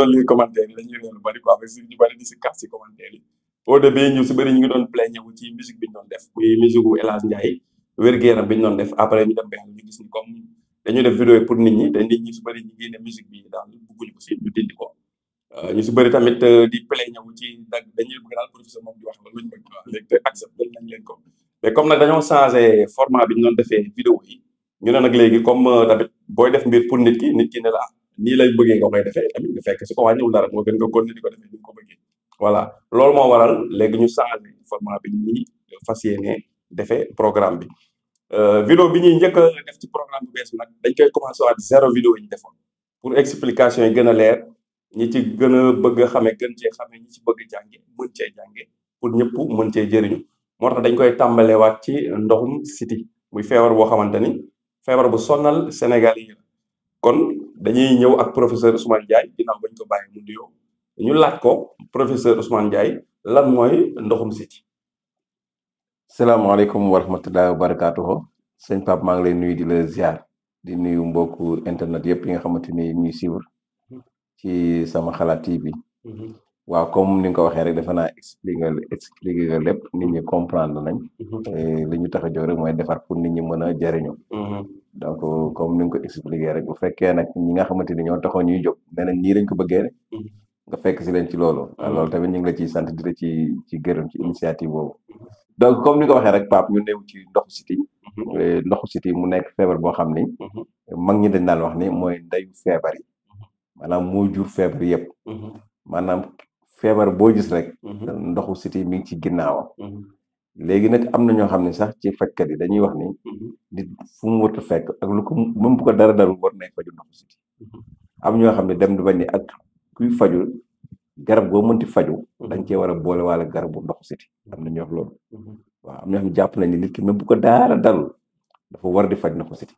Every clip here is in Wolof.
doon lii commentaire yi dañuy réer lu bari quoi parce que ñu bari di ngi doon plaigner wu ci musique bi ñu def muy musique wu El Hadj Ndiaye wér-gu-yaram def après ñu dem ba ni comme dañuy def ñi te nit ñi ñu génne musique bi daal bëgguñu ko si ñu dindi ko euh, ñu si bëri tamit euh, di plaigner wu ci dag dañuy bëgg daal professeur moom di wax loolu ñu bëgg quoi léegi te accepté nañ leen ko comme nag dañoo changé format bi ñu doon defee vidéo yi ñu ne nag léegi comme euh, tamit booy def mbir pour nit ki nit ki ne la ni lay bëggee nga koy defee tamit nga fekk su ko wàññiwul dara moo gën nga continuer di ko defee ni ko bëggee voilà loolu moo waral léegi ñu changé format bi ni fas yéene defee programme bi eh, vidéo bi ñuy njëkk def ci programme bi bees nag dañ koy commencé waat zéro vidéo yi ñu defoon pour explication yi gën a leer ñi ci gën a bëgg a xamee gën cee xamee ñi ci bëgg a jànge mën cee jànge pour ñëpp mën cee jëriñu moo tax dañ koy tàmbalewaat ci ndoxum city muy feebar boo xamante ni feebar bu sonal Sénégal yi kon dañuy ñëw ak professeur Ousmane Ndiaye ginnaaw bañ ko bàyyi mu nuyoo ñu laaj ko professeur Ousmane Ndiaye lan mooy ndoxum siti salaamaaleykum wa rahmatullahi wa barakaatuhu sëñ Pape maa ngi lay nuyu di la ziar di nuyu mbokku internet yëpp yi nga xamante ni ñuy suivre mm-hmm. ci sama xalaat TV bi mm-hmm. waaw comme ni nga ko waxee rek defe naa expliquer expliquer nga lépp nit ñi comprendre nañ mm-hmm. eh, li ñu tax a rek mooy defar pour nit ñi mën a jëriñu donc comme ni nga ko expliqué rek bu fekkee nag ñi nga xamante ni ñoo taxoon ñuy jóg nee nañ nii lañ ko bëggee rek mm-hmm. nga fekk si leen ci loolo mm-hmm. loolu tamit ñu ngi la ciy sant di la ci ci gërëm ci mm-hmm. initiative boobu. donc comme ni ko waxee rek Pape ñu néew ci ndoxu siti eh, ndoxu siti mu nekk feebar boo xam ni. mag ñi dañ daan wax ni mooy ndeyu feebar yi. maanaam moo jur feebar yëpp. maanaam feebar boo gis rek. ndoxu siti mi ngi ci ginnaawam. léegi nag am na ñoo xam ne sax ci fajkat yi dañuy wax ni nit mhm. fu mu fekk ak lu ko même dara dal war na faju ndoxu siti mhm. am ñoo xam ne dem du bañ ni ak kuy faju garab goo mënti faju mhm. dañ cee war a boole garabu ndoxu siti am na ñoo wax loolu am ñoo xam ne jàpp nañ ni nit ki même bu ko dara dal dafa war di faj ndoxu siti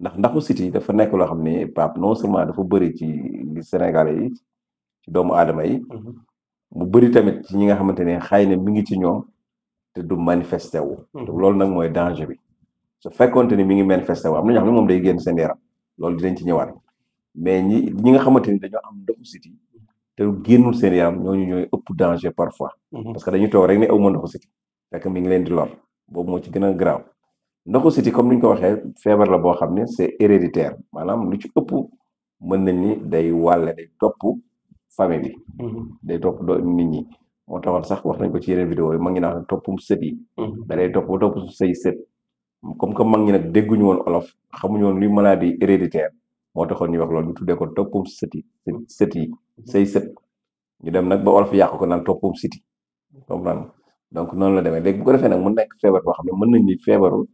ndax ndoxu siti dafa nekk loo xam ne Pape non seulement dafa bëri ci li Sénégalais yi ci doomu aadama yi mu bëri tamit ci ñi nga xamante ne xëy na mi ci ñoom te du manifesté wu. te mhm. loolu nag mooy danger bi su fekkoonte ni mi ngi manifesté wu am na ñoo xam ne moom day génn seen yaram loolu dinañ ci ñëwaat mais ñi ñi nga xamante ni dañoo am ndoxu siti te génnul seen yaram ñooñu ñooy ëpp danger parfois. Mhm. parce que dañuy toog rek ne aw ma ndoxu siti fekk mi leen di lor boobu moo ci gën a graaw ndoxu siti comme ni ñu ko waxee feebar la boo xam ne c'est héréditaire maanaam lu ci ëpp mën nañ ni day wala day topp famille bi. Mhm. day topp nit ñi. moo taxoon sax wax nañ ko ci yeneen vidéo yi mag ñi naan toppum sët yi. Mhm. da lay topp ba topp say comme que mag ñi nag dégguñu woon olof xamuñu woon luy maladie héréditaire moo taxoon ñuy wax loolu ñu tuddee ko toppum sët yi sët yi say sët ñu dem nag ba olof yàq ko naan toppum siti comprendre donc noonu la demee léegi bu ko defee nag mu nekk feebar boo xam ne mën nañ ni feebaru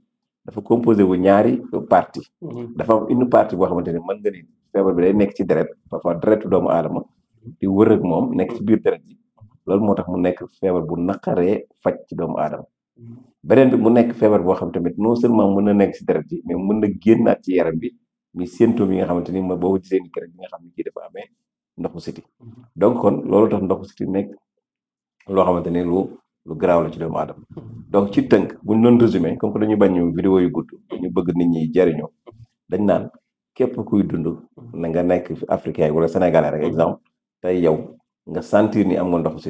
dafa composé wu ñaari parti mhm. dafa am parti partie boo xamante ne mën nga ni bi day nekk ci deret parfois deretu doomu aadama di wër moom nekk ci biir deret ji loolu moo tax mu nekk feebar bu naqaree faj ci doomu aadama mm-hmm. beneen bi mu nekk feebar boo xam tamit non seulement mën na nekk si deret ji mais mën na génnaat ci yaram bi mi symptôme yi nga xamante ni ma boo gisee ni keroog bi nga xam ne kii dafa amee ndoxu siti mm-hmm. donc kon loolu tax ndoxu siti nekk loo xamante ni lu lu garaaw la ci doomu aadama mm-hmm. donc ci tënk buñ doon résumé comme que dañu bañ ñu vidéo yu gudd ñu bëgg nit ñi jariñoo dañ naan képp kuy dund na nga nekk africain wala sénégalais rek exemple tey yow nga sentir ni am nga ndoxu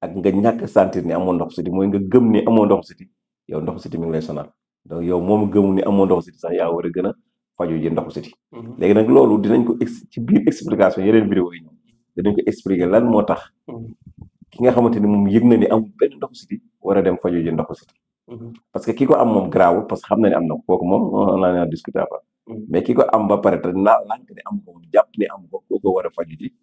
ak nga ñàkk sentir ni amoo ndoxu siti mooy nga gëm ni amoo ndoxu siti yow ndoxu siti mi ngi lay sonal donc yow moom gëmu ni amoo ndoxu siti sax yaa war a gën a faju ji ndoxu siti mhm. léegi nag loolu dinañ ko ex ci biir explication yeneen vidéo yi dinañ ko expliquer lan moo tax mhm. ki nga xamante ni moom yëg na ni am benn ndoxu siti war a dem faju ji ndoxu siti mhm. parce que ki ko am moom garaawul parce que xam na ne am na kooku moom naa ne discuter pas mais ki ko am ba pare te naa lànk ne am ko jàpp ne am ko kooku war a faju ji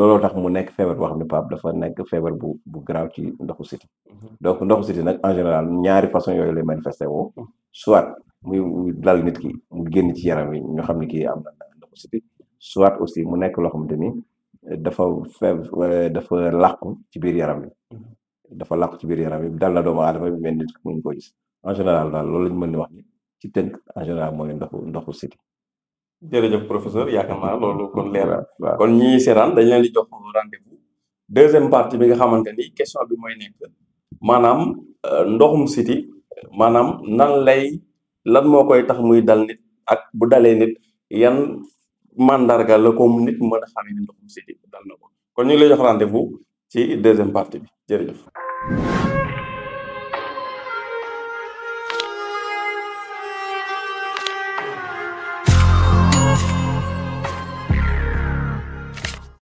looloo tax mu nekk feebar boo xam ne Pape dafa nekk feebar bu bu garaaw ci ndoxu siti mhm. donc ndoxu siti nag en général ñaari façon yooyu lay manifesté woo mhm. soit muy dal nit ki mu génn ci yaram yi ñu xam ne kii am na ndoxu aussi mu nekk loo xamante ni eh, dafa feebar eh, dafa làqu ci biir yaram bi mhm. dafa làqu ci biir yaram bi dal na doomu aadama bi mel nit muñ ko gis en général daal loolu lañ mën di wax ni ci tënk en général mooy ndoxu ndoxu siti jërëjëf professeur yaakaar naa loolu kon leeral kon ñi seetaan dañ leen di jox rendez-vous deuxième partie bi nga xamante ni question bi mooy nekk maanaam euh, ndoxum siti maanaam nan lay lan moo koy tax muy dal nit ak bu dalee nit yan mandarga la ko nit mën a xam ne ndoxum siti dal na ko kon ñu ngi lay jox rendez-vous ci deuxième partie bi jërëjëf